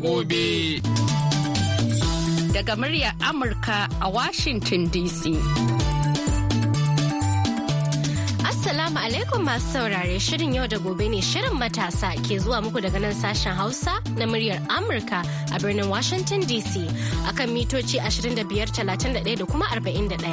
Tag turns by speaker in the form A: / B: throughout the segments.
A: gobe. Daga muryar Amurka a Washington DC. Assalamu alaikum masu saurare shirin yau da gobe ne shirin matasa ke zuwa muku daga nan sashen Hausa na muryar Amurka a birnin Washington DC akan mitoci 2531 da kuma 41.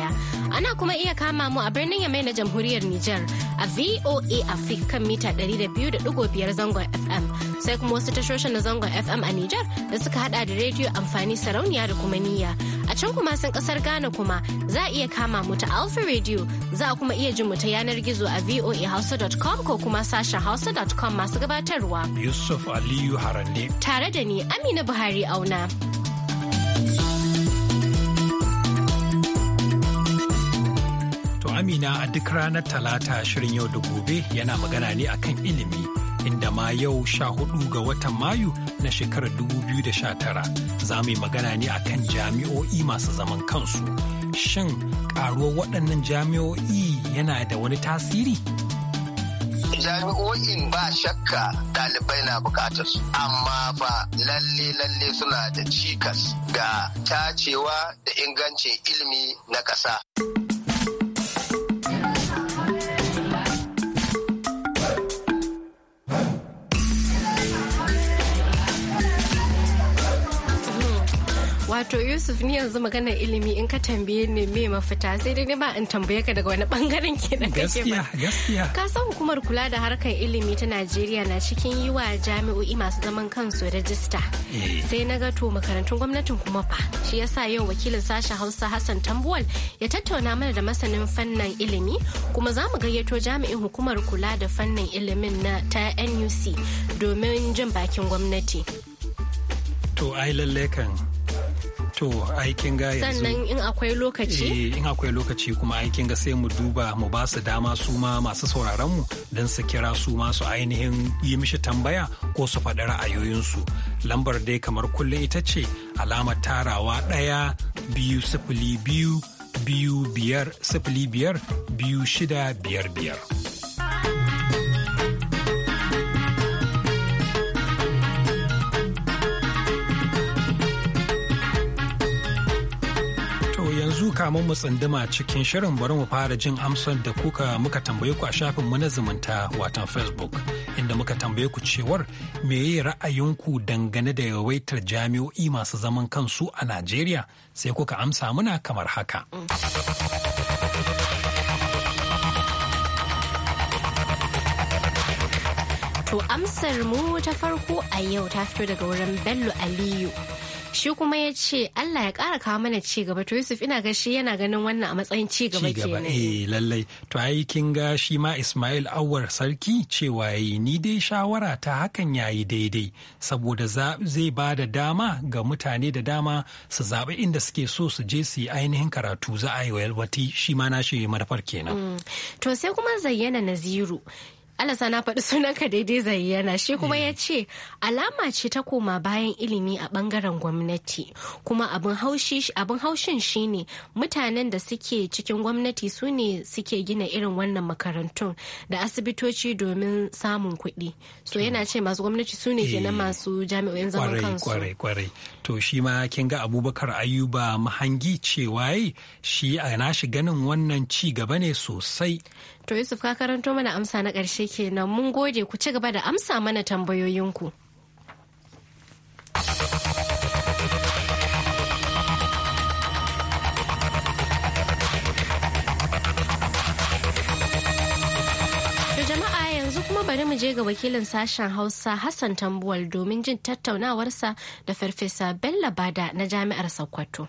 A: Ana kuma iya kama mu a birnin Yamai na jamhuriyar Nijar a VOA Africa mita 200.5 zangon FM. sai kuma wasu tashoshin na zangon FM a Nijar da suka hada da rediyo amfani sarauniya da kuma niyya. A can kuma sun kasar Ghana kuma za a iya kama mu ta Alpha Radio za a kuma iya jin mu ta yanar gizo a voahausa.com ko kuma sashen hausa.com masu gabatarwa.
B: Yusuf Aliyu Harande.
A: Tare da ni Amina Buhari Auna.
B: Amina a duk ranar Talata shirin yau da gobe yana magana ne akan ilimi inda ma yau sha hudu ga watan Mayu na shekarar dubu biyu da sha tara, za mu yi magana ne a kan jami'o'i masu zaman kansu. Shin ƙaruwar waɗannan jami'o'i yana da wani tasiri?
C: jami'o'in
B: ba shakka ɗalibai na bukatar su amma
C: ba lalle lalle suna da cikas ga tacewa da ingancin ilimi na ƙasa.
A: Wato Yusuf ni yanzu magana ilimi in ka tambaye ni me mafita sai dai ba in tambaye ka daga wani bangaren da kake ba. Ka san hukumar kula da harkar ilimi ta Najeriya na cikin yi wa jami'o'i masu zaman kansu rajista. Eh. Sai na ga to makarantun gwamnatin kuma fa. Shi yasa yau wakilin sashen Hausa Hassan Tambuwal ya tattauna mana da masanin fannin ilimi kuma za mu gayyato jami'in hukumar kula da fannin ilimin na ta NUC domin jin bakin gwamnati.
B: To ai lalle kan to aikin ga yanzu sannan in akwai lokaci eh, in akwai lokaci kuma aikin ga sai mu duba mu ba su dama su ma masu sauraron mu don su kira su ma su ainihin yi mishi tambaya ko su faɗi su lambar dai kamar kullum ita ce alamar tarawa ɗaya biyu sifili biyu biyu biyar sifili biyar biyu shida biyar biyar. yanzu kamun mu tsunduma cikin shirin bari mu fara jin amsar da kuka muka tambaye ku a shafinmu na zumunta watan facebook inda muka tambaye ku cewar ra'ayin ra'ayinku dangane da yawaitar jami'o'i masu zaman kansu a najeriya sai kuka amsa muna kamar haka
A: To amsar mu ta farko a yau ta fito daga wurin Bello Aliyu shi kuma ya ce Allah ya kara kawo mana ci gaba to Yusuf ina ga shi yana ganin wannan a matsayin ci gaba kenan eh
B: lallai to ai kin ga shi ma Ismail Awar sarki cewa yayi ni dai shawara ta hakan yayi daidai saboda zai ba da dama ga mutane da dama su zaɓi inda suke so su je su yi ainihin karatu za a yi wati shi ma na shi madafar kenan
A: mm. to sai kuma zayyana Naziru alasa na faɗi sunanka daidai zayyana shi kuma ya ce alama ce ta koma bayan ilimi a ɓangaren gwamnati kuma abin haushin shine mutanen da suke cikin gwamnati su ne suke gina irin wannan makarantun da asibitoci domin samun kuɗi so yana ce masu gwamnati su ne na eh, masu jami'o'in zaman kansu kwarai
B: kwarai to shi ma kin ga abubakar ayuba mahangi cewa shi a shi ganin wannan ci gaba ne sosai
A: To Yusuf ka karanto mana amsa na ƙarshe kenan mun gode ku ci gaba da amsa mana tambayoyinku. bari mu je ga wakilin sashen hausa hassan tambuwal domin jin tattaunawarsa da farfesa bello bada na jami'ar sokoto.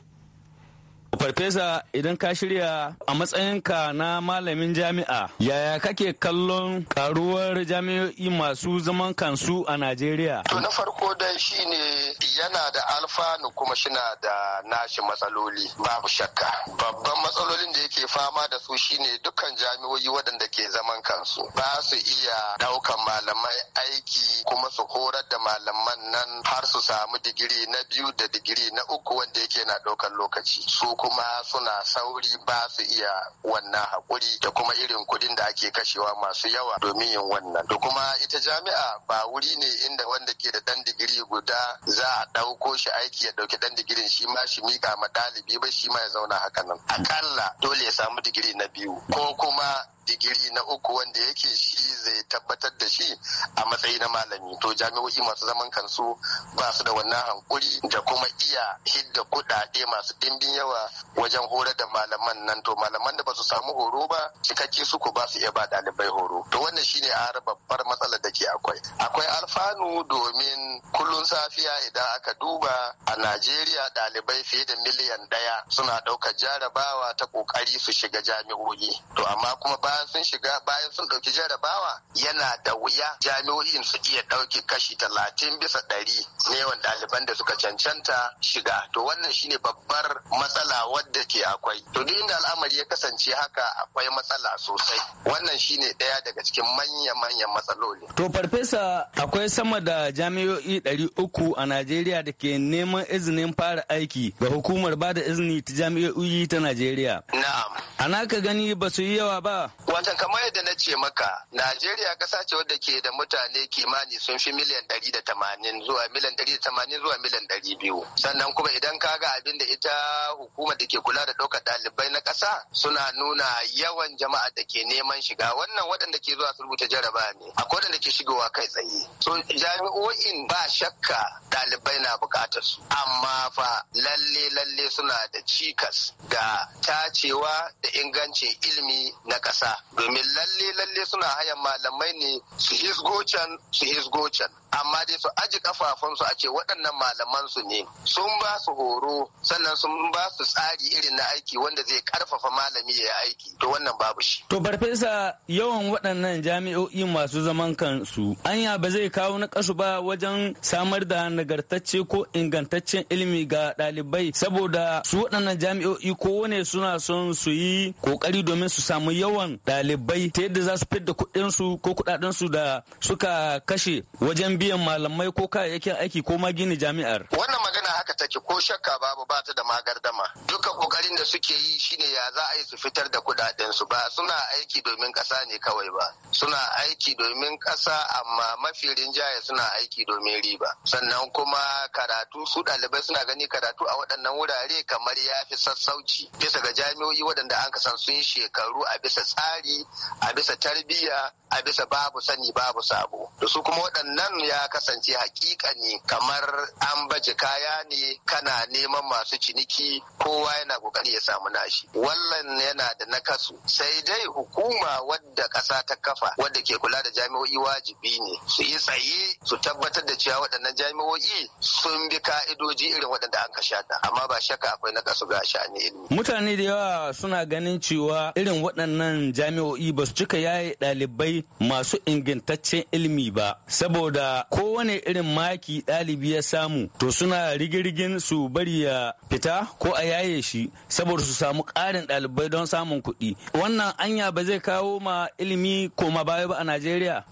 D: Farfesa idan ka shirya a matsayinka na malamin jami'a yaya kake kallon karuwar jami'o'i masu zaman kansu a Najeriya? To na farko
C: dai shi ne yana da alfanu kuma shina da nashi matsaloli babu shakka. Babban matsalolin da yake fama da su shine dukkan jami'o'i waɗanda ke zaman kansu ba su iya ɗaukan malamai aiki kuma su horar da malaman nan har su samu digiri na biyu da digiri na uku wanda yake na ɗaukan lokaci. Su kuma suna sauri ba su iya wannan haƙuri da kuma irin kuɗin da ake kashewa masu yawa domin yin wannan da kuma ita jami'a ba wuri ne inda wanda ke da ɗan digiri guda za a ɗauko shi aiki ya ɗauki ɗan digirin shi ma shi mika ma ɗalibi ba shi ma ya zauna haka nan akalla dole ya samu digiri na biyu ko kuma digiri na uku wanda yake shi zai tabbatar da shi a matsayi na malami to jami'o'i masu zaman kansu ba su da wannan hankuri da kuma iya hidda kuɗaɗe masu ɗimbin yawa wajen horar da malaman nan to malaman da ba su samu horo ba cikakke su ko ba su iya ba ɗalibai horo to wannan shine a babbar matsala da ke akwai akwai alfanu domin kullun safiya idan aka duba a najeriya ɗalibai fiye da miliyan ɗaya suna ɗaukar jarabawa ta ƙoƙari su shiga jami'o'i to amma kuma ba bayan sun shiga bayan sun ɗauki jarabawa yana da wuya jami'o'in su iya ɗauki kashi talatin bisa ɗari na yawan ɗaliban da suka cancanta shiga to wannan shine babbar matsala wadda ke
A: akwai to duk inda al'amari ya kasance haka akwai matsala sosai wannan shine ɗaya daga cikin
C: manya-manyan matsaloli
D: to farfesa akwai sama da jami'o'i ɗari uku a najeriya da ke neman izinin fara aiki ga hukumar bada da izini ta jami'o'i ta najeriya na'am ana ka gani ba su yi yawa ba Wata kamar yadda na ce maka,
C: Najeriya ƙasa ce wadda ke da mutane kimani sun fi miliyan ɗari da tamanin zuwa miliyan ɗari da tamanin zuwa miliyan ɗari biyu. Sannan kuma idan ka ga abin da ita hukumar da ke kula da ɗaukar ɗalibai na ƙasa suna nuna yawan jama'a da ke neman shiga wannan waɗanda ke zuwa su rubuta jaraba ne akwai waɗanda ke shigowa kai tsaye. So jami'o'in ba shakka ɗalibai na buƙatar su amma fa lalle lalle suna da cikas ga tacewa da ingancin ilimi na ƙasa. domin lalle lalle suna hayan malamai ne su hisgo can su hisgo amma dai su aji kafafunsu a ce waɗannan malaman su ne sun ba su horo sannan sun ba su
D: tsari irin na aiki wanda zai karfafa malami ya aiki to wannan babu shi to Barfesa yawan waɗannan jami'o'i masu zaman kansu anya ba zai kawo na kasu ba wajen samar da nagartacce ko ingantaccen ilimi ga ɗalibai saboda su waɗannan jami'o'i ne suna son su yi kokari domin su samu yawan ɗalibai ta yadda za su fidda kuɗinsu ko kuɗaɗensu da suka kashe wajen biyan malamai ko kayayyakin aiki ko ma gini jami'ar. Wannan magana haka take ko shakka babu ba ta da magardama.
C: Duka kokarin da suke yi shine ya za a yi su fitar da kudaden su ba suna aiki domin kasa ne kawai ba. Suna aiki domin kasa amma mafi rinjaye suna aiki domin riba. Sannan kuma karatu su ɗalibai suna gani karatu a waɗannan wurare kamar ya fi sassauci bisa ga jami'o'i waɗanda an kasan sun yi shekaru a bisa tsari a bisa tarbiyya a bisa babu sani babu sabo. Da su kuma waɗannan ya kasance hakikani kamar an baje kaya ne kana neman masu ciniki kowa yana kokari ya samu nashi Wallan yana da nakasu sai dai hukuma wadda ƙasa ta kafa wadda ke kula da jami'o'i wajibi ne su yi tsaye su tabbatar da cewa waɗannan jami'o'i sun bi ka'idoji irin waɗanda an kashe ta amma ba shaka akwai nakasu ga sha'ani ilimi
D: mutane da yawa suna ganin cewa irin waɗannan jami'o'i ba su cika yaye ɗalibai masu ingantaccen ilimi ba saboda Ko kowane irin maki ɗalibi ya samu to suna rigirgin su bari ya fita ko a yaye shi saboda su samu ƙarin ɗalibai don samun kuɗi wannan anya ba zai kawo ma ilimi koma baya ba a najeriya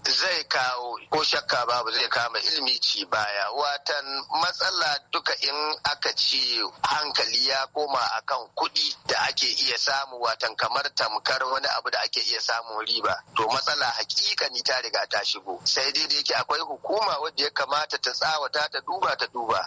D: kawo ko shakka babu zai kama ilimi ci baya watan matsala duka in aka ce
C: hankali ya koma akan kuɗi da ake iya samu watan kamar tamkar wani abu da ake iya samu riba to matsala hakika hakikani ta riga ta shigo sai dai da yake akwai hukuma wadda ya kamata ta tsawata ta duba ta duba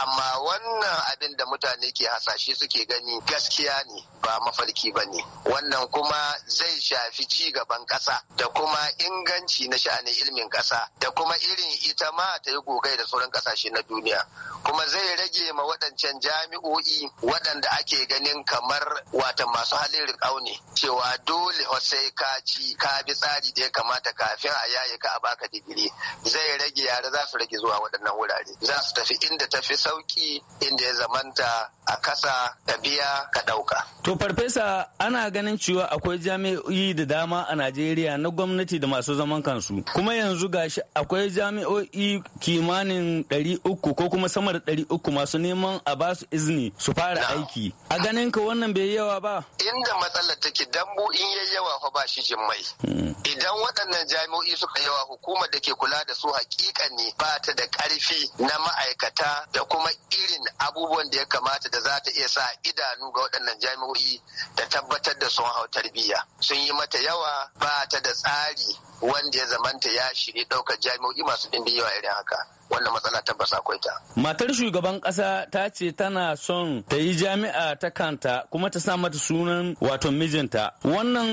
C: amma wannan abin da mutane ke hasashe suke gani gaskiya ne ba mafarki ba ne wannan kuma zai shafi ci gaban ƙasa da kuma inganci na sha'anin ilimin ƙasa da kuma irin ita ma ta yi gogai da sauran ƙasashe na duniya kuma zai rage ma waɗancan jami'o'i waɗanda ake ganin kamar wata masu halin riƙau ne cewa dole sai ka ci ka bi tsari da ya kamata kafin a yaye ka a baka digiri zai rage yara za su rage zuwa waɗannan wurare za su tafi inda ta fi sauki inda ya zamanta a kasa ka biya ka ɗauka.
D: To farfesa ana ganin cewa akwai jami'o'i da dama a Najeriya na gwamnati da masu zaman kansu kuma yanzu gashi akwai jami'o'i kimanin ɗari uku ko kuma sama da ɗari uku masu neman a ba su izini su fara aiki. A ganin ka wannan bai yawa ba? Inda matsalar take dambu in yayi yawa fa ba shi jin hmm.
C: Idan waɗannan jami'o'i suka yawa hukumar da ke kula da su hakika bayani ba ta da ƙarfi na ma'aikata da kuma irin abubuwan da ya kamata da za ta iya sa idanu ga waɗannan jami'o'i da tabbatar da sun hau tarbiyya sun yi mata yawa ba ta da tsari wanda ya zamanta ya shiri ɗaukar jami'o'i masu ɗimbin yawa irin haka wannan matsala tabbas akwai ta.
D: Matar shugaban kasa ta ce tana son ta yi jami'a ta kanta kuma ta sa mata sunan wato mijinta. Wannan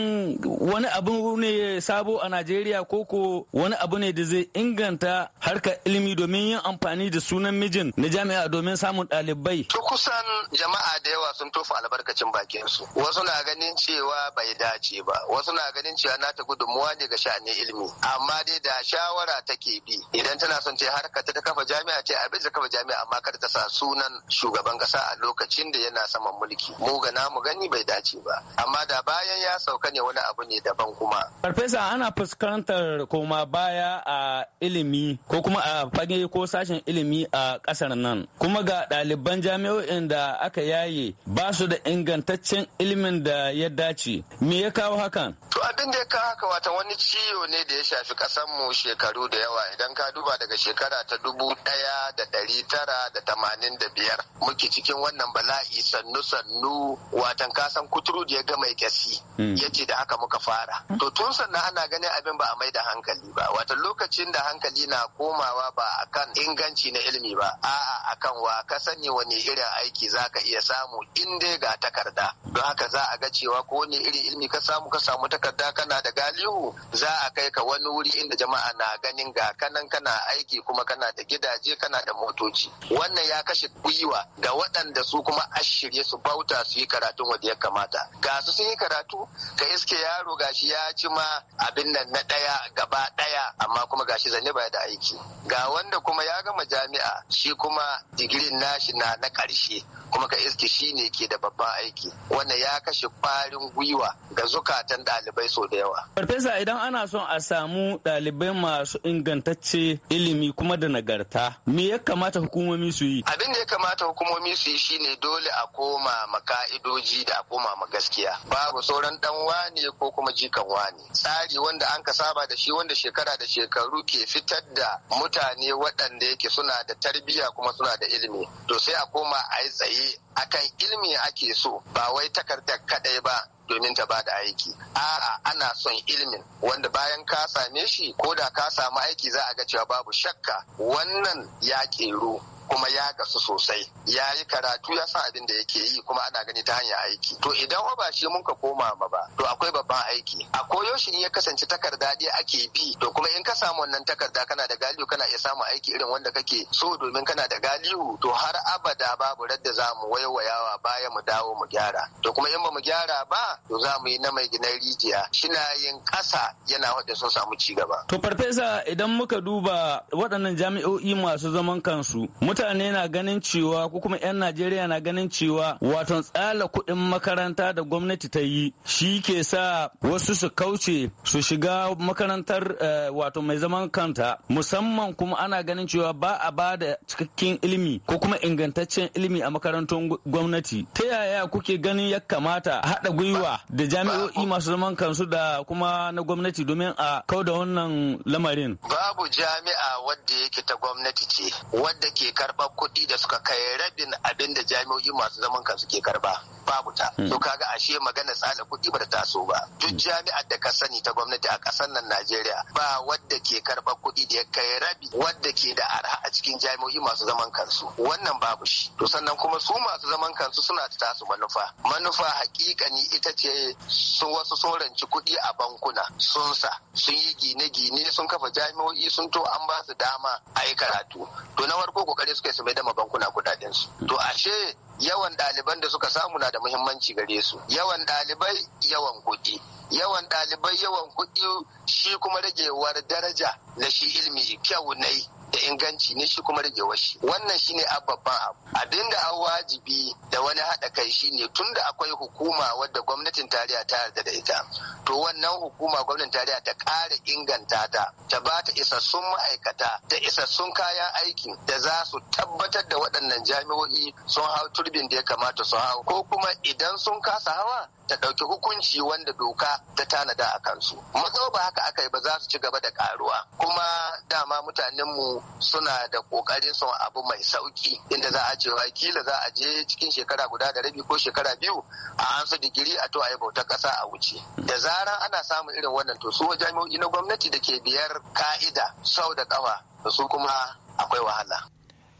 D: wani abu ne sabo a Najeriya koko wani abu ne da zai inganta harka ilimi domin yin amfani da sunan mijin na jami'a domin samun ɗalibai. To kusan jama'a da yawa sun tofa albarkacin bakin
C: su. Wasu na ganin cewa bai dace ba, wasu na ganin cewa na ta gudunmuwa ne ga sha'anin ilimi. Amma dai da shawara take bi idan tana son ce harka. gwamnati ta kafa jami'a ce abin da kafa jami'a amma kar ta sa sunan shugaban kasa a lokacin da yana saman mulki mu ga namu gani bai dace ba amma da bayan ya sauka ne wani abu ne daban kuma
D: farfesa ana fuskantar koma baya a ilimi ko kuma a fage ko sashen ilimi a kasar nan kuma ga ɗaliban jami'o'in da aka yaye ba su da ingantaccen ilimin da ya dace me ya kawo hakan to abin da ya kawo haka wata wani ciwo ne da ya shafi mu shekaru
A: da yawa idan ka duba daga shekara ta 1985 dubu ɗaya da ɗari
C: tara da tamanin da biyar muke cikin wannan bala'i sannu sannu watan kasan kuturu da ya ga mai kyasi hmm. ya ce da haka muka fara to tun sannan ana ganin abin ba a mai da hankali ba Wata lokacin da hankali na komawa ba a kan inganci na ilimi ba a'a akan wa ka sani wani irin aiki za ka iya samu in dai ga takarda don haka za a ga cewa ko wani irin ilimi ka samu ka samu takarda kana da galihu za a kai ka wani wuri inda jama'a na ganin ga kanan kana aiki kuma kana kana da gidaje kana da motoci wannan ya kashe gwiwa ga waɗanda su kuma a su bauta su yi karatun wanda ya kamata ga su sun yi karatu ka iske yaro gashi ya ci ma abin nan na ɗaya gaba ɗaya amma kuma gashi zanne baya da aiki ga wanda kuma ya gama jami'a shi kuma digirin nashi na na ƙarshe kuma ka iske shi ne ke da babban aiki wannan ya kashe kwarin gwiwa ga zukatan ɗalibai sau da yawa.
D: Farfesa idan ana son a samu ɗalibai masu ingantacce ilimi kuma da nagarta me ya kamata hukumomi su
E: yi abin
C: da ya kamata hukumomi su yi shine dole a koma
D: maka'idoji da a koma
C: ma gaskiya babu sauran dan wani ko kuma jikan wani tsari wanda an ka saba da shi wanda shekara da shekaru ke fitar da mutane waɗanda yake suna da tarbiyya kuma suna da ilimi to sai a koma a yi tsaye akan ilimi ake so ba wai takardar kadai ba domin ta bada aiki a'a ana son ilimin wanda bayan ka same shi ko da ka samu aiki za a ga cewa babu shakka wannan ya ƙeru kuma ya gasu sosai ya yi karatu ya san abin da yake yi kuma ana gani ta hanyar aiki to idan ba shi mun ka koma ma ba to akwai babban aiki a koyo shi in ya kasance takarda ɗaya ake bi to kuma in ka samu wannan takarda kana da galiu kana iya samun aiki irin wanda kake so domin kana da galiu to har abada babu radda za mu waiwayawa baya mu dawo mu gyara to kuma in ba mu gyara ba to za mu yi na mai ginar rijiya shina yin ƙasa yana wadda sun samu ci
D: gaba to farfesa idan muka duba waɗannan jami'o'i masu zaman kansu mutane na ganin cewa ko kuma 'yan najeriya na ganin cewa waton tsala kuɗin makaranta da gwamnati ta yi shi ke sa wasu su kauce su shiga makarantar eh, wato mai zaman kanta musamman kuma ana ganin cewa ba a ba da cikakken ilimi ko kuma ingantaccen ilimi a makarantun gwamnati ta yaya kuke ganin ya kamata haɗa gwiwa da jami'o'i masu zaman kansu da kuma na gwamnati domin a kau da wannan lamarin
C: babu jami'a wadda yake ta gwamnati ce wadda ke karɓar kuɗi da suka kai rabin abin da jami'o'i masu zaman kansu ke karɓa babu ta. Hmm. To kaga ashe magana tsada kuɗi ba ta taso ba. Duk hmm. jami'ar da ka sani ta gwamnati a ƙasar nan Najeriya ba wadda ke karɓar kuɗi da ya kai rabi wadda ke da arha a cikin jami'o'i masu zaman kansu. Wannan babu shi. To sannan kuma su masu zaman kansu suna ta tasu manufa. Manufa hakikani ita ce su wasu soranci kuɗi a bankuna sun sa sun yi gine-gine sun kafa jami'o'i sun to an ba su dama a yi karatu. To na farko kokari suke su mai da bankuna kudaden su to ashe yawan ɗaliban da suka samu na da muhimmanci gare su yawan ɗalibai yawan kuɗi yawan ɗalibai yawan kuɗi shi kuma ragewar daraja na shi ilmi kyau nai da inganci ne shi kuma rage washi wannan shine a babban abu a da an wajibi da wani haɗa kai shine tun da akwai hukuma wadda gwamnatin tarayya ta yarda da ita to wannan hukuma gwamnatin tarayya ta ƙara inganta ta ta ba ta isassun ma'aikata da isassun kayan aiki da za su tabbatar da waɗannan jami'o'i sun hau turbin da ya kamata su hau ko kuma idan sun kasa hawa ta ɗauki hukunci wanda doka ta tanada a kansu Matsau ba haka aka yi ba za su ci gaba da karuwa kuma dama mutanenmu suna da ƙoƙarin son abu mai sauki inda za a ce kila za a je cikin shekara guda da rabi ko shekara biyu a su digiri a to a yi bautar ƙasa a wuce da zaran ana samun irin wannan to su jami'o'i na gwamnati da ke biyar ka'ida sau da ƙafa da su kuma akwai wahala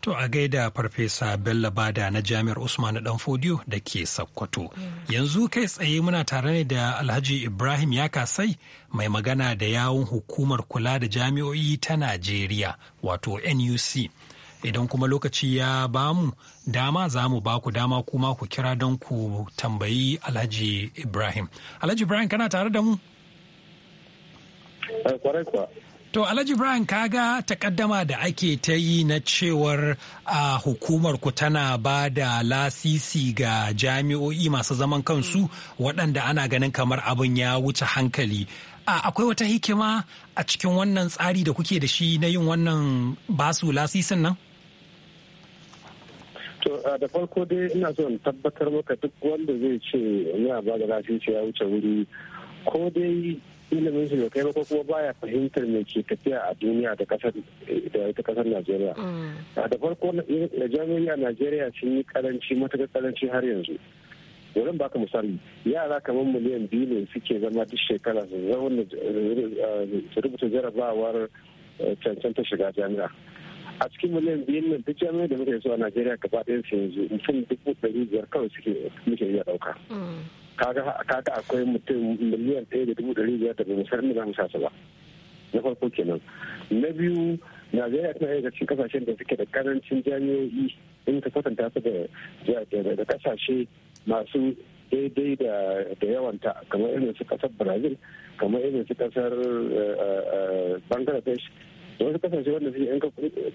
B: To a gaida Farfesa Bello Bada na Jami'ar Usman Danfodiyo da ke Sokoto. Yanzu kai tsaye muna tare ne da Alhaji Ibrahim ya kasai mai magana da yawun hukumar kula da jami'o'i ta Najeriya wato NUC. Idan kuma lokaci ya bamu dama za mu ba ku dama kuma ku kira don ku tambayi Alhaji Ibrahim. Alhaji Ibrahim kana tare da mu? Eh, To Alhaji Brian kaga takaddama da ake ta yi na cewar a hukumar ku tana ba da lasisi ga jami'o'i masu zaman kansu waɗanda ana ganin kamar abin ya wuce hankali. Akwai wata hikima a cikin wannan tsari da kuke da shi na yin wannan basu lasisin nan?
E: To da farko dai ina so in tabbatar maka duk wanda zai ce ya ba da lasisi ya wuce wuri ko dai ilimin shi bai kai kuma baya fahimtar me ke tafiya a duniya da kasar da ita kasar Najeriya. Mm. Da farko na jami'a Najeriya sun yi karanci matuƙar karanci har yanzu. wurin baka misali yara kamar miliyan biyu ne suke zama duk shekara su zauna su rubuta jarabawar eh, ta shiga jami'a a cikin miliyan biyu ne duk jami'a da muke yi su a najeriya gaba ɗaya su yanzu mutum dubu ɗari biyar kawai suke muke iya ɗauka. Mm. kaga kaga akwai mutum miliyan ɗaya da dubu ɗari biyar da bai musar ne za mu sasa ba na farko kenan na biyu najeriya tana daga cikin kasashen da suke da karancin jami'o'i in ka kwatanta su da da kasashe masu daidai da yawanta kamar irin su kasar brazil kamar irin su kasar eh, eh, eh, bangladesh wasu kasashe wanda su in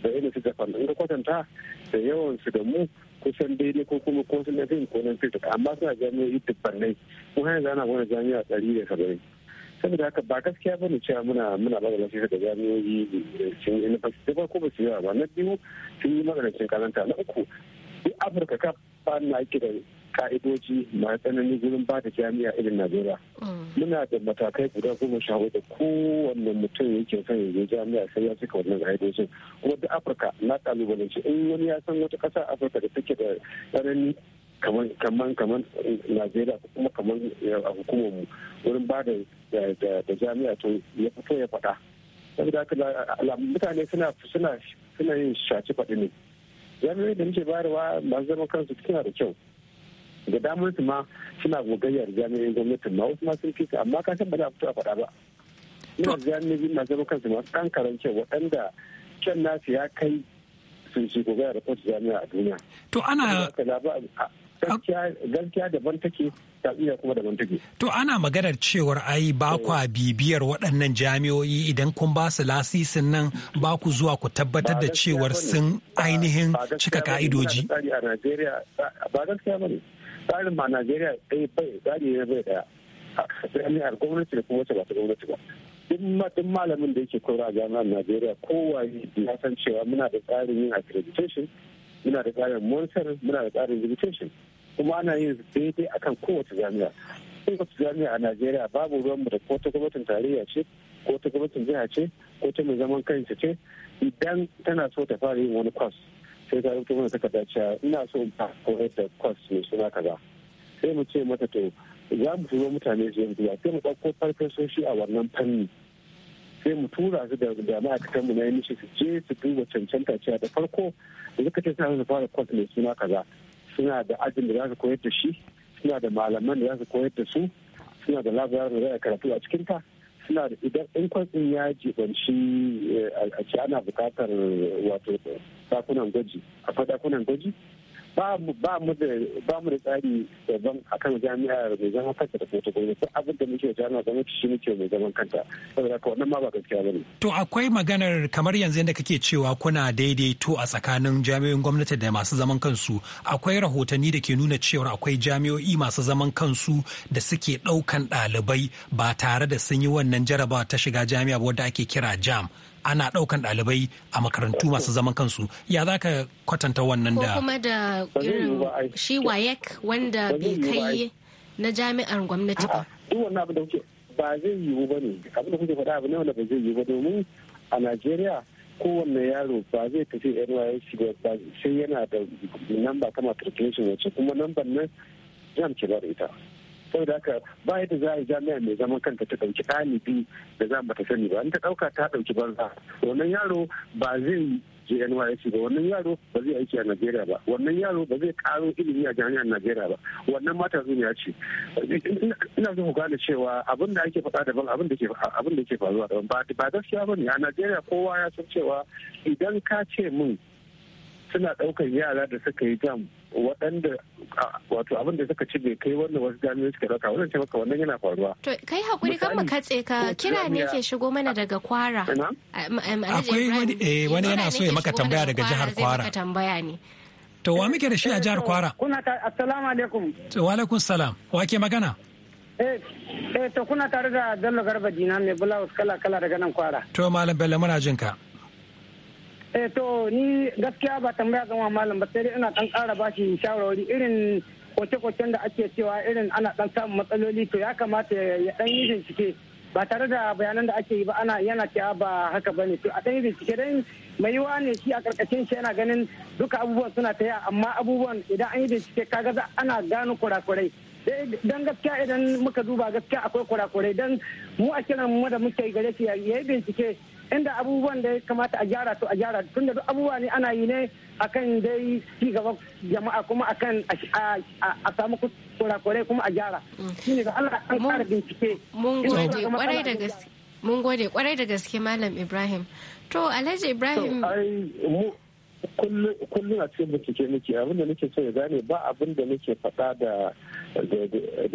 E: da irin su jafan in ka kwatanta da yawan su da mu kusan daidai ko kuma ko sun nafi ko nan fitik amma suna jami'o'i dubbannai kuma hanyar zana wani jami'a ɗari da saba'in saboda haka ba gaskiya bane cewa muna muna ba da lafiya da jami'o'i sun yi da ko ba su yawa ba na biyu sun yi cin kalanta na uku duk afirka ka ba na ake da ka'idoji masu tsananin gurin ba da jami'a irin najeriya mm. muna da matakai guda goma sha hudu kowanne mutum yake son ya je jami'a sai ya cika wannan ka'idojin kuma duk afirka na kalubalance in wani ya san wata ƙasa afirka da take da tsanani kamar kamar kamar najeriya kuma kamar hukumar mu wurin ba da jami'a to ya fito ya faɗa saboda haka mutane suna suna suna yin shaci faɗi ne jami'ai da muke bayarwa masu zaman kansu suna da kyau da damar su ma suna gogayyar jami'in gwamnatin ma wasu ma sun fi amma ka san ba za a fito a faɗa ba ina jami'in na zama kansu masu ɗan karance waɗanda kyan nasu ya kai sun shi gogayyar da jami'a a duniya to ana gaskiya daban take tafiya kuma daban take.
B: To ana maganar cewar ayi ba kwa eh. bibiyar waɗannan jami'o'i idan kun ba su lasisin nan ba ku zuwa ku tabbatar da cewar sun ainihin cika ka'idoji.
E: Ba gaskiya ba ne. tsarin ma najeriya ɗaya bai tsari ne bai daya jami'ar gwamnati da kuma ba ta gwamnati ba duk malamin da yake kora a jami'ar najeriya kowaye ya san cewa muna da tsarin yin accreditation muna da tsarin monitor muna da tsarin limitation kuma ana yin daidai akan kowace jami'a kowace jami'a a najeriya babu ruwanmu da ko ta gwamnatin tarayya ce ko ta gwamnatin jiha ce ko ta mai zaman kanta ce idan tana so ta fara yin wani kwas sai ta rubuta mana takarda cewa ina so in koyar da kwas mai suna kaza sai mu ce mata to za mu turo mutane su yi sai mu ɗauko farfesoshi a wannan fanni sai mu tura su da da ma'aikatan mu na yi su je su duba cancanta cewa da farko da suka ce sa su fara kwas mai suna kaza suna da ajin da za su koyar da shi suna da malaman da za su koyar da su suna da labarai da za a karatu a cikin ta suna da idan in kwatsin ya jibanci eh, a ce ana bukatar wato dakunan gwaji a dakunan gwaji ba mu da tsari tsari daban akan jami'ar mai zaman kanta da kuma gwamnati abin da muke jami'ar gwamnati shi muke mai zaman kanta saboda haka wannan ma ba gaskiya ne.
B: to akwai maganar kamar yanzu yadda kake cewa kuna daidaito a tsakanin jami'o'in gwamnati da masu zaman kansu akwai rahotanni da ke nuna cewa akwai jami'o'i masu zaman kansu da suke ɗaukan ɗalibai ba tare da sun yi wannan jarabawa ta shiga jami'a wadda ake kira jam ana ɗaukan ɗalibai a makarantu masu zaman kansu ya za ka kwatanta wannan
E: da kuma
A: da irin shi wayek wanda bai kai na jami'ar gwamnati ba
E: wannan abin da ba zai yiwu ba ne abin da kuke faɗa abu ne wanda ba zai yiwu ba domin a najeriya kowanne yaro ba zai tafi nysc ba sai yana da namba ta matriculation wacce kuma namban nan jam ce ba da ita saboda haka ba yadda za a yi jami'a mai zaman kanta ta ɗauki ɗalibi da za mu ta sani ba in ta ɗauka ta ɗauki banza wannan yaro ba zai je NYSC ba wannan yaro ba zai aiki a Najeriya ba wannan yaro ba zai karo ilimi a jami'ar Najeriya ba wannan mata zuniya ce ina so ku gane cewa abin da ake faɗa daban abin da ke ke faruwa daban ba gaskiya ne a Najeriya kowa ya san cewa idan ka ce min suna ɗaukar yara da suka yi jam waɗanda wato abin da suka ci bai kai wanda wasu jami'o suka ɗauka wannan ce maka wannan yana faruwa.
A: To kai hakuri kan mu katse ka kira ne ke shigo mana daga kwara.
B: Akwai wani eh wani yana so ya maka tambaya daga jihar kwara. tambaya ne. To wa muke da shi a jihar kwara? Kuna
E: ta assalamu alaikum.
B: Wa alaikum salam. Wa ke magana?
E: Eh, eh to kuna tare da Bello Garba Dina ne bulawus kala kala daga nan kwara.
B: To malam Bello muna jin ka.
E: eh to ni gaskiya ba tambaya zama malam ba sai dai ina kara ba shi shawarwari irin kwace-kwacen da ake cewa irin ana dan samun matsaloli to ya kamata ya dan yi bincike ba tare da bayanan da ake yi ba ana yana cewa ba haka bane to a dan yi bincike dan mai yiwa ne shi a karkashin shi yana ganin duka abubuwan suna ta yi amma abubuwan idan an yi bincike kaga ana gano kurakurai dan gaskiya idan muka duba gaskiya akwai kurakurai dan mu a kiran mu da muke gare shi ya bincike inda abubuwan da ya kamata a gyara to a gyara tun da duk abubuwa ne ana yi ne akan dai ci gaba jama'a kuma akan a samu kurakurai kuma a gyara mm. shine ga Allah an kara bincike mun gode kwarai da gaske
A: mun gode kwarai da gaske malam Ibrahim to Alhaji Ibrahim
E: kullum a cikin bincike nake abin da nake so ya gane ba abin da nake faɗa da da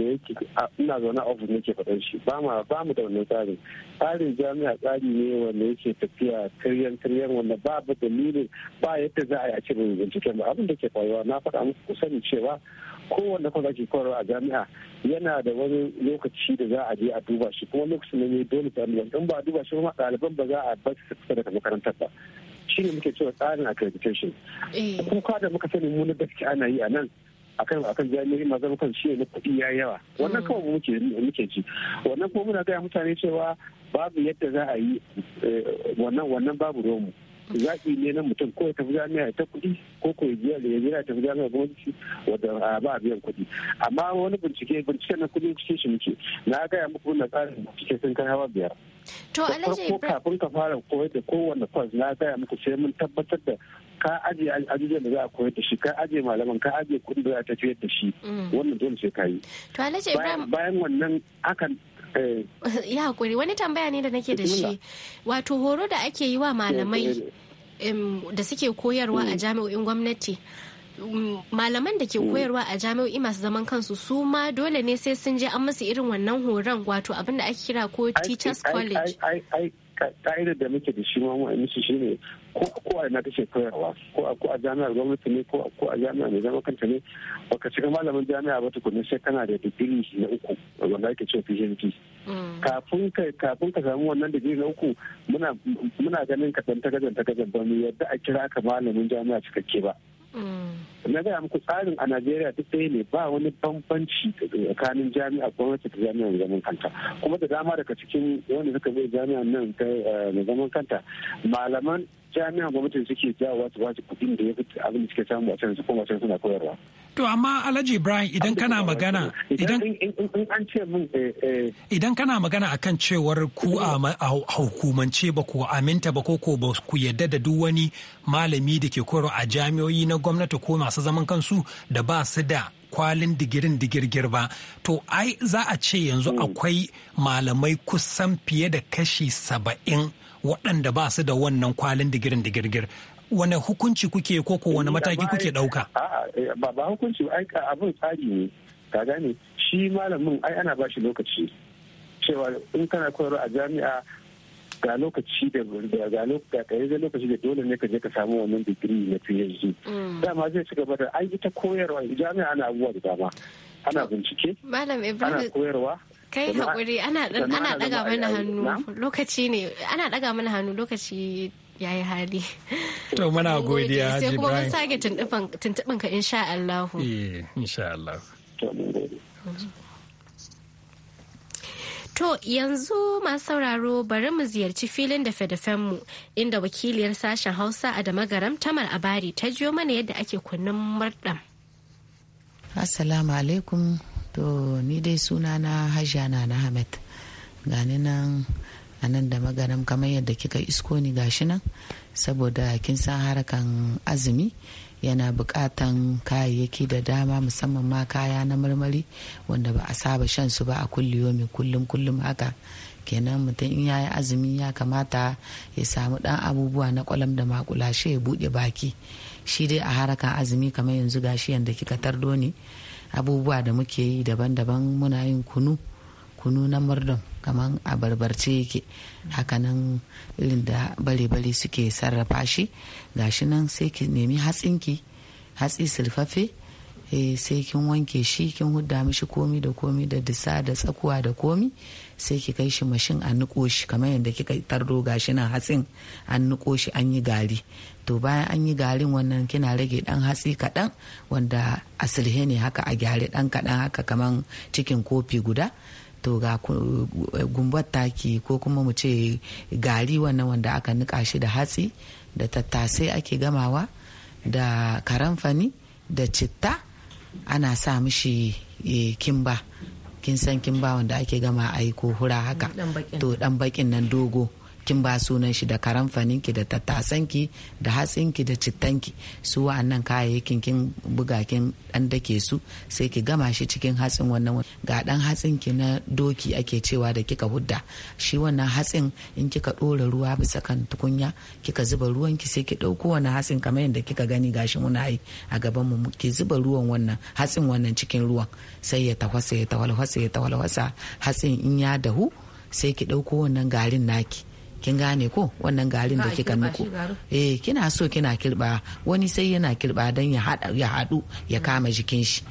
E: yake ina zaune a ofis nake faɗan shi ba ma ba mu da wannan tsari tsarin jami'a tsari ne wanda yake tafiya karyan karyan wanda ba babu dalilin ba yadda za a yi a cikin binciken ba abin da ke faruwa na faɗa muku kusan cewa kowanne kuma ke koyarwa a jami'a yana da wani lokaci da za a je a duba shi kuma lokacin ne dole ta in ba a duba shi kuma ɗaliban ba za a bar su fita daga makarantar ba shi ne muke cewa tsarin accreditation eh. kuka da muka sani muna na gaske ana yi a nan akan akan jami'i maza kan shi na kuɗi ya yawa wannan mm. kawai muke muke ji wannan kuma muna gaya mutane cewa babu yadda za a yi eh, wannan wannan babu romu zaɓi ne na mutum ko ya tafi jami'a ta kuɗi ko ko ya da ya jira tafi jami'a gwamnati wadda ba a biyan kuɗi amma wani bincike bincike na kuɗin cikin shi muke na gaya muku na tsarin bincike sun kai hawa biyar To Alhaji Kafin ka fara koyar da kowanne kwas na gaya muku sai mun tabbatar da ka aje ajiye da za a koyar da shi ka aje malaman ka aje kudin da za a tafiyar da shi mm. wannan dole sai ka yi.
F: To Alhaji Ibrahim.
E: Bayan wannan hakan eh.
A: ya hakuri wani tambaya ne da nake da shi wato horo da ake yi wa malamai eh, eh. da suke koyarwa a mm. jami'o'in gwamnati malaman da ke hmm. koyarwa a jami'o'i masu zaman kansu su ma dole ne sai sun je an musu irin wannan horon wato abin da ake kira ko teachers college
E: ka'idar da muke da shi ma musu shi ne ko a na kake koyarwa ko a jami'ar gwamnati ne ko a jami'ar mai zama kanta ne baka shiga malamin jami'a ba tukunna sai kana da digiri na uku wanda ake cewa PhD hmm. kafin ka kafin ka samu wannan digiri na uku muna muna ganin ka dan ta tagajan ba mu yadda a kira ka malamin jami'a cikakke ba Mm. na gaya muku tsarin a najeriya duk ɗaya ne ba wani bambanci tsakanin jami'a gwamnati da jami'an zaman kanta kuma da dama daga cikin wanda suka zai jami'a nan ta eh, zaman kanta malaman jami'an gwamnatin suke jawowa wasu wasu kuɗin da ya fi abin da suke samu a can su kuma can suna koyarwa.
B: To amma Alhaji Ibrahim idan kana magana idan an ce mun eh, eh, idan kana magana akan cewar ku a hukumance ba ku aminta ba ko ko ba ku yadda da duk wani malami da ke koyarwa a jami'oyi na gwamnati ko masu zaman kansu da ba su da kwalin digirin digirgir ba to ai za a ce yanzu hmm. akwai malamai kusan fiye da kashi saba'in waɗanda ba su da wannan kwalin digirin digirgir wani hukunci kuke ko ko wani eh, mataki kuke ɗauka?
E: ba eh, ba hukunci aika abin tsari ne ka gane shi malamin ai ana ba shi lokaci cewa in kana koyarwa a jami'a ga lokaci da ga da lokaci da dole ne ka je ka samu wannan digiri na PhD mm. dama zai ci gaba da ai ita koyarwa jami'a ana abubuwa da dama ana bincike ana koyarwa kai haƙuri ana ɗaga mana hannu
A: lokaci ne ana ɗaga mana hannu lokaci ya yi hali
B: to mana godiya sai kuma mun sake
A: tuntuɓin ka insha Allah
B: eh, insha Allah
A: To yanzu masu sauraro bari mu ziyarci filin da mu inda wakiliyar sashen Hausa a Garam Tamar Abari ta jiyo mana yadda ake kunnen murɗam.
F: Assalamu alaikum to ni dai suna na hajja na na hamad gani nan a nan da maganin kamar yadda kika isko ni gashi nan saboda kin san harkan azumi yana bukatan kayayyaki da dama musamman ma kaya na marmari wanda ba a saba shan su ba a kulliyomi kullum kullum haka kenan mutum in yayi azumi ya kamata ya samu dan abubuwa na kwalam da makulashe ya buɗe baki shi dai a harakan azumi kamar yanzu gashi yadda kika tardo ne abubuwa da muke yi daban-daban muna yin kunu kunu na murdom kamar a barbarce yake hakanan irin da bare-bare suke sarrafa shi gashi nan sai ki nemi hatsinki hatsi sulfafe eh, sai kin wanke shi kin hudda mishi komi da komi da disa da tsakuwa da komi sai ki kai shi mashin a niko shi kamar yadda kika tardo gashi nan hatsin an niko shi an yi gari to bayan an yi garin wannan kina rage dan hatsi kaɗan wanda asilhe ne haka a gyare dan kaɗan haka kamar cikin kofi guda to ga gumbar taki ko kuma mu ce gari wannan wanda aka nika shi da hatsi da tattasai ake gamawa da karamfani da citta ana sa mishi eh, kimba kin san kin ba wanda ake gama aiko hura haka to dan bakin nan dogo kin ba sunan shi da karamfanin karamfaninki da ki da hatsinki da cittanki su wa'annan kayayyakin kin buga kin dan dake su sai ki gama shi cikin hatsin wannan ga dan hatsinki na doki ake cewa da kika hudda shi wannan hatsin in kika dora ruwa bisa kan tukunya kika zuba ruwan ki sai ki dauko wannan hatsin kamar yadda kika gani gashi muna yi a gaban mu ki zuba ruwan wannan hatsin wannan cikin ruwan sai ya tafasa ya tawalwasa ya tawalwasa hatsin in ya dahu sai ki dauko wannan garin naki kin gane ko wannan garin da kika nuku eh kina so kina kirba wani sai yana kirba dan ya hada ya hadu ya kama jikin shi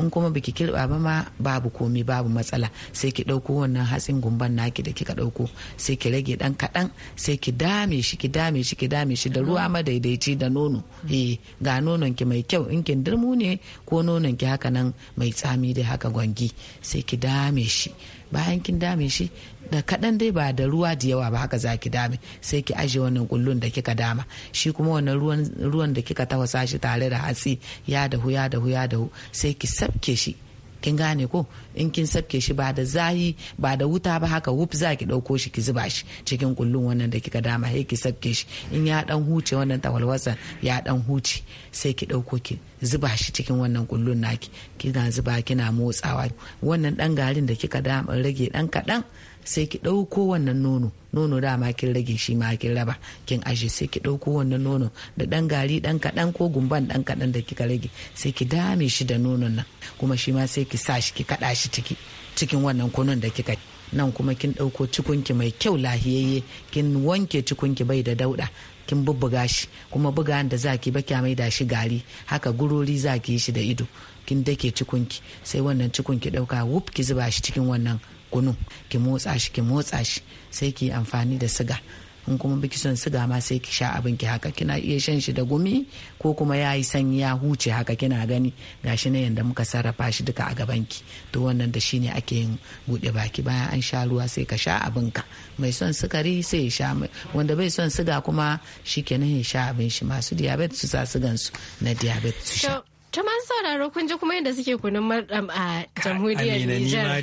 F: in kuma biki kirba ba ma babu komi babu matsala sai ki dauko wannan hatsin gumban naki da kika dauko sai ki rage dan kadan sai ki dame shi ki dame shi ki dame shi da ruwa madaidaici da nono mm. eh ga nonon ki mai kyau in kin dirmu ne ko nonon ki haka nan mai tsami da haka gwangi sai ki dame shi bayan kin dame shi da kaɗan dai ba da ruwa da yawa ba haka za ki dame sai ki aje wannan kullun da kika dama shi kuma wannan ruwan ruwan da kika tafasa shi tare da hatsi ya dahu ya dahu ya dahu sai ki sabke shi kin gane ko in kin sabke shi ba da zahi ba da wuta ba haka wuf za ki dauko shi ki zuba shi cikin kullun wannan da kika dama sai ki sabke shi in ya dan huce wannan tawalwatsan ya dan huce sai ki dauko ki zuba shi cikin wannan kullun naki kina zuba kina motsawa wannan dan garin da kika dama rage dan kaɗan. sai ki ɗauko wannan nono nono dama kin rage shi ma kin raba kin aje sai ki ɗauko wannan nono da ɗan gari ɗan kaɗan ko gumban ɗan kaɗan da kika rage sai ki dame shi da nonon nan kuma shi ma sai ki sa shi ki kaɗa shi ciki cikin wannan kunun da kika nan kuma kin ɗauko cikunki mai kyau lahiyayye kin wanke cikunki bai da dauɗa kin bubbuga shi kuma buga da zaki ba kya da shi gari haka gurori zaki yi shi da ido kin dake cikunki sai wannan cikunki ɗauka wup ki zuba shi cikin wannan kunun ki motsa shi ki motsa shi sai ki amfani da siga in kuma biki son siga ma sai ki sha abin ki haka kina iya shan shi da gumi ko kuma ya yi sanyi ya huce haka kina gani gashi na yanda muka sarrafa shi duka a gaban ki to wannan da shine ake yin bude baki bayan an sha ruwa sai ka sha abin ka mai son sukari sai ya sha wanda bai son siga kuma shikenan ya sha abin shi masu diabetes su sa sigan su na diabetes su
A: sha ta masu sauraro kun ji kuma yadda suke kunun a jamhuriyar Nijar.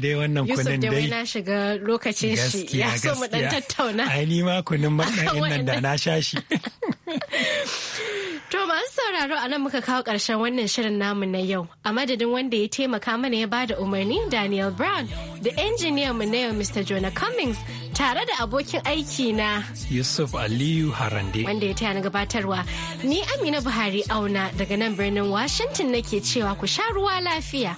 A: Yusuf da wai na shiga lokacin shi ya so mu dan tattauna. Ai
B: ni ma maɗan mardam nan da na sha shi.
A: To masu sauraro a nan muka kawo ƙarshen wannan shirin namu na yau. A madadin wanda ya taimaka mana ya bada umarni Daniel Brown da injiniyan mu na yau Mr. Jonah Cummings tare da abokin aiki na
B: Yusuf Aliyu Harande
A: wanda ya taya na gabatarwa ni Amina Buhari auna daga nan birnin Washington nake cewa ku sha ruwa lafiya.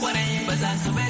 D: kwarai ba za su bari